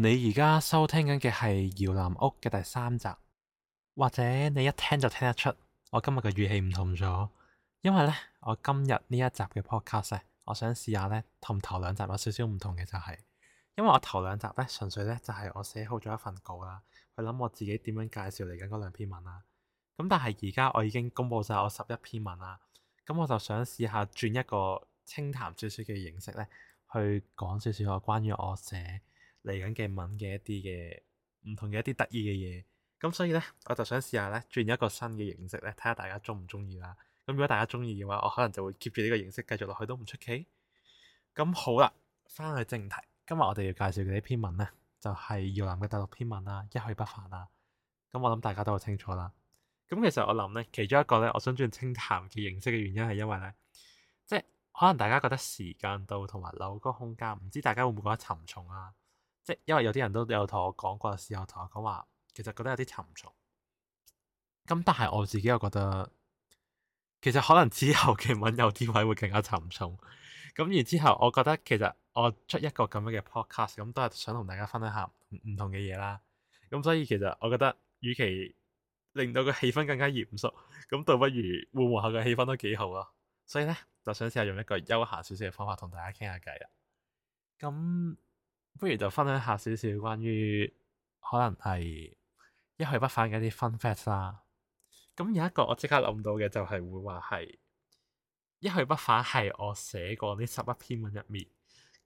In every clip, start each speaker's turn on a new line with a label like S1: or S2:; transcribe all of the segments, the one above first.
S1: 你而家收聽緊嘅係《搖藍屋》嘅第三集，或者你一聽就聽得出我今日嘅語氣唔同咗，因為呢，我今日呢一集嘅 podcast，我想試下呢同頭兩集有少少唔同嘅就係、是，因為我頭兩集呢，純粹呢就係、是、我寫好咗一份稿啦，去諗我自己點樣介紹嚟緊嗰兩篇文啦。咁但係而家我已經公布晒我十一篇文啦，咁、嗯、我就想試下轉一個清談少少嘅形式呢，去講少少我關於我寫。嚟緊嘅文嘅一啲嘅唔同嘅一啲得意嘅嘢，咁所以呢，我就想試下呢，轉一個新嘅形式呢，睇下大家中唔中意啦。咁如果大家中意嘅話，我可能就會 keep 住呢個形式繼續落去都唔出奇。咁好啦，翻去正題，今日我哋要介紹嘅呢篇文呢，就係、是、搖藍嘅第六篇文啦，一去不返啦。咁我諗大家都好清楚啦。咁其實我諗呢，其中一個呢，我想轉清談嘅形式嘅原因係因為呢，即係可能大家覺得時間到，同埋樓嗰個空間，唔知大家會唔會覺得沉重啊？因為有啲人都有同我講過，時候同我講話，其實覺得有啲沉重。咁但係我自己又覺得，其實可能之後嘅文有啲位會更加沉重。咁然之後，我覺得其實我出一個咁樣嘅 podcast，咁都係想同大家分享下唔同嘅嘢啦。咁所以其實我覺得，與其令到個氣氛更加嚴肅，咁倒不如換換下個氣氛都幾好咯。所以咧，就想試下用一個休閒少少嘅方法同大家傾下偈啦。咁。不如就分享下少少關於可能係一去不返嘅啲 fun fact 啦。咁有一個我即刻諗到嘅就係會話係一去不返，係我寫過呢十一篇文入面，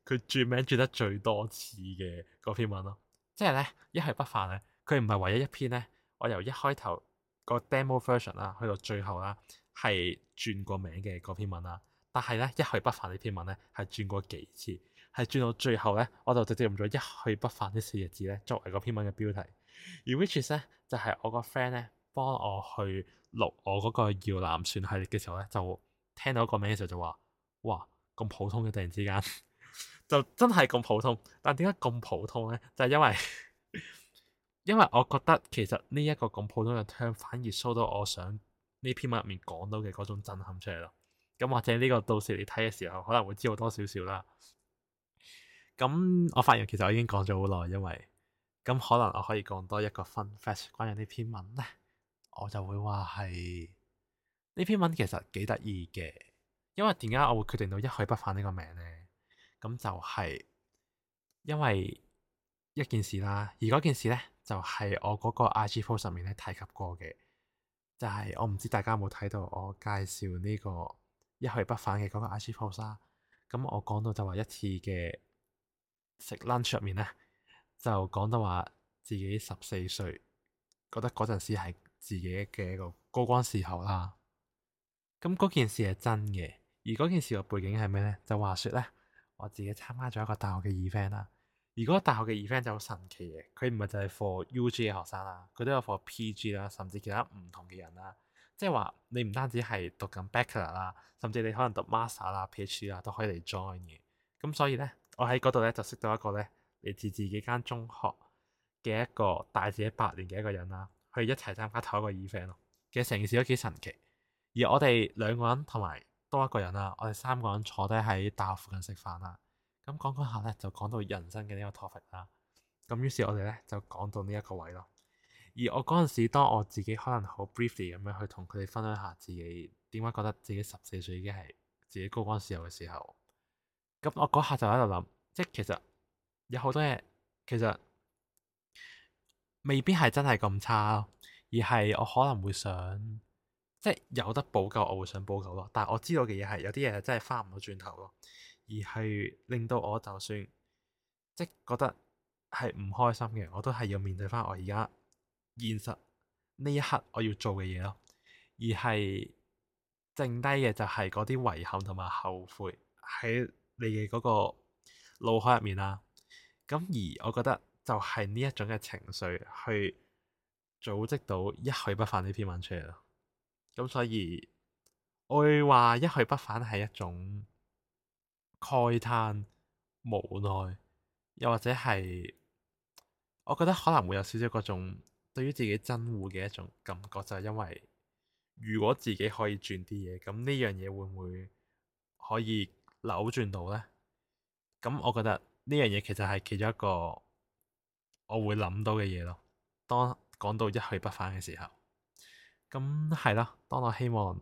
S1: 佢轉名轉得最多次嘅嗰篇文咯。即係咧一去不返咧，佢唔係唯一一篇咧，我由一開頭個 demo version 啦，去到最後啦，係轉過名嘅嗰篇文啦。但係咧一去不返呢篇文咧係轉過幾次。係轉到最後咧，我就直接用咗一去不返四呢四隻字咧，作為個篇文嘅標題。而 which 咧就係、是、我個 friend 咧幫我去錄我嗰個搖藍船系列嘅時候咧，就聽到個名嘅時候就話，哇咁普通嘅，突然之間 就真係咁普通。但點解咁普通咧？就係、是、因為 因為我覺得其實呢一個咁普通嘅聽，反而收到我想呢篇文入面講到嘅嗰種震撼出嚟咯。咁或者呢個到時你睇嘅時候可能會知道多少少啦。咁我發現其實我已經講咗好耐，因為咁可能我可以講多一個 fun fact 關於呢篇文呢，我就會話係呢篇文其實幾得意嘅，因為點解我會決定到一去不返呢個名呢？咁就係因為一件事啦，而嗰件事呢，就係、是、我嗰個 IG post 上面咧提及過嘅，就係、是、我唔知大家有冇睇到我介紹呢個一去不返嘅嗰個 IG post 啦、啊。咁我講到就話一次嘅。食 lunch 入面咧，就講到話自己十四歲，覺得嗰陣時係自己嘅一個高光時候啦。咁嗰件事係真嘅，而嗰件事嘅背景係咩呢？就話説呢，我自己參加咗一個大學嘅 event 啦。而嗰個大學嘅 event 就好神奇嘅，佢唔係就係 for UG 嘅學生啦，佢都有 for PG 啦，甚至其他唔同嘅人啦。即係話你唔單止係讀緊 Bachelor 啦，甚至你可能讀 Master 啦、PhD 啦都可以嚟 join 嘅。咁所以呢。我喺嗰度咧就識到一個咧嚟自自己間中學嘅一個大自己八年嘅一個人啦，佢一齊參加同一個 event 咯，其實成件事都幾神奇。而我哋兩個人同埋多一個人啦，我哋三個人坐低喺大學附近食飯啦。咁講講下咧，就講到人生嘅呢個 topic 啦。咁於是我哋咧就講到呢一個位咯。而我嗰陣時，當我自己可能好 briefly 咁樣去同佢哋分享下自己點解覺得自己十四歲已經係自己高光時候嘅時候。咁我嗰下就喺度諗，即係其實有好多嘢，其實未必係真係咁差咯，而係我可能會想，即係有得補救，我會想補救咯。但係我知道嘅嘢係，有啲嘢係真係翻唔到轉頭咯，而係令到我就算即係覺得係唔開心嘅，我都係要面對翻我而家現實呢一刻我要做嘅嘢咯，而係剩低嘅就係嗰啲遺憾同埋後悔喺。你嘅嗰個腦海入面啦，咁而我覺得就係呢一種嘅情緒去組織到一去不返呢篇文出嚟咯。咁所以我會話一去不返係一種慨嘆無奈，又或者係我覺得可能會有少少嗰種對於自己憎惡嘅一種感覺，就係、是、因為如果自己可以轉啲嘢，咁呢樣嘢會唔會可以？扭轉到呢，咁我覺得呢樣嘢其實係其中一個我會諗到嘅嘢咯。當講到一去不返嘅時候，咁係咯。當我希望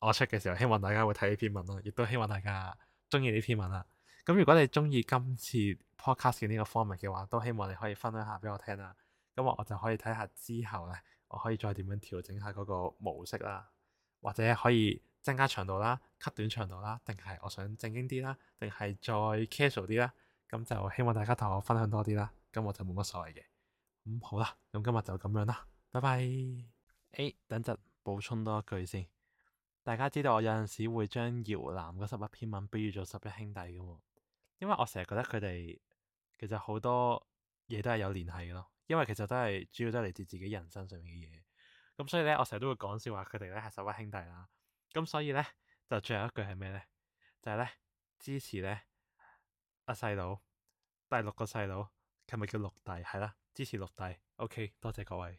S1: 我出嘅時候，希望大家會睇呢篇文咯，亦都希望大家中意呢篇文啦。咁如果你中意今次 podcast 呢個 format 嘅話，都希望你可以分享下俾我聽啦。咁我就可以睇下之後呢，我可以再點樣調整下嗰個模式啦，或者可以。增加長度啦，cut 短長度啦，定係我想正經啲啦，定係再 casual 啲啦。咁就希望大家同我分享多啲啦。咁我就冇乜所謂嘅咁好啦。咁今日就咁樣啦，拜拜。欸、等陣補充多一句先。大家知道我有陣時會將搖藍嗰十一篇文比喻做十一兄弟嘅喎，因為我成日覺得佢哋其實好多嘢都係有聯繫嘅咯。因為其實都係主要都係嚟自自己人生上面嘅嘢咁，所以呢，我成日都會講笑話，佢哋呢係十一兄弟啦。咁所以咧，就最後一句係咩咧？就係、是、咧，支持咧阿細佬，第六個細佬，佢咪叫六弟，係啦，支持六弟，OK，多謝各位。